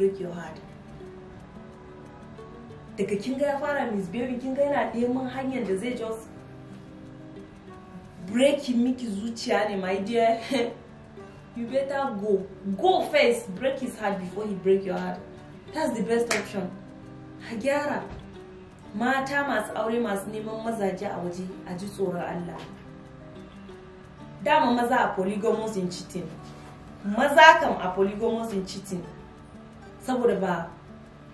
break your heart daga kin ga ya fara misbehaving kin ga yana neman hanyar da zai just breaking miki zuciya ne my dear you better go go first break his heart before he break your heart that's the best option a gyara mata masu aure masu neman mazaje a waje a ji tsoron Allah dama maza a polygamous in cheating maza kam a polygamous in cheating saboda ba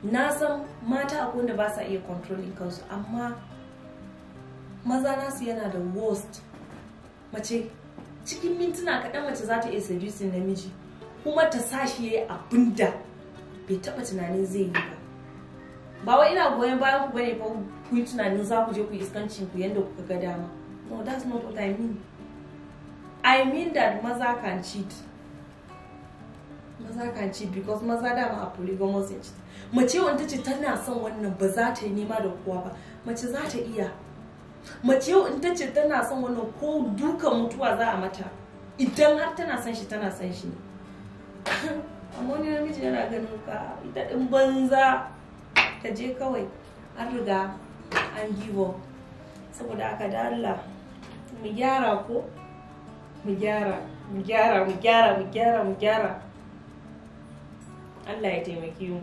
na san mata akwai wanda ba sa iya controlling kansu amma maza nasu yana da worst mace cikin mintuna kaɗan mace za ta iya seducing namiji kuma ta sa shi ya yi abin bai taɓa tunanin zai yi ba ba wai ina goyon bayan ku bane fa ku yi tunanin za ku je ku iskancin ku yanda kuka ga dama no that's not what i mean i mean that maza can cheat maza kan ci because maza ba a polygamous yanci mace wanda ce tana son wannan ba za ta yi nema da kowa ba mace za ta iya mace yau in ta ce tana son wannan ko duka mutuwa za a mata idan har tana son shi tana son shi amma wani namiji yana ganin ka ita din banza ta je kawai an riga an giwo saboda aka da Allah mu gyara ko mu gyara mu gyara mu gyara mu gyara mu gyara Allah ya taimake mu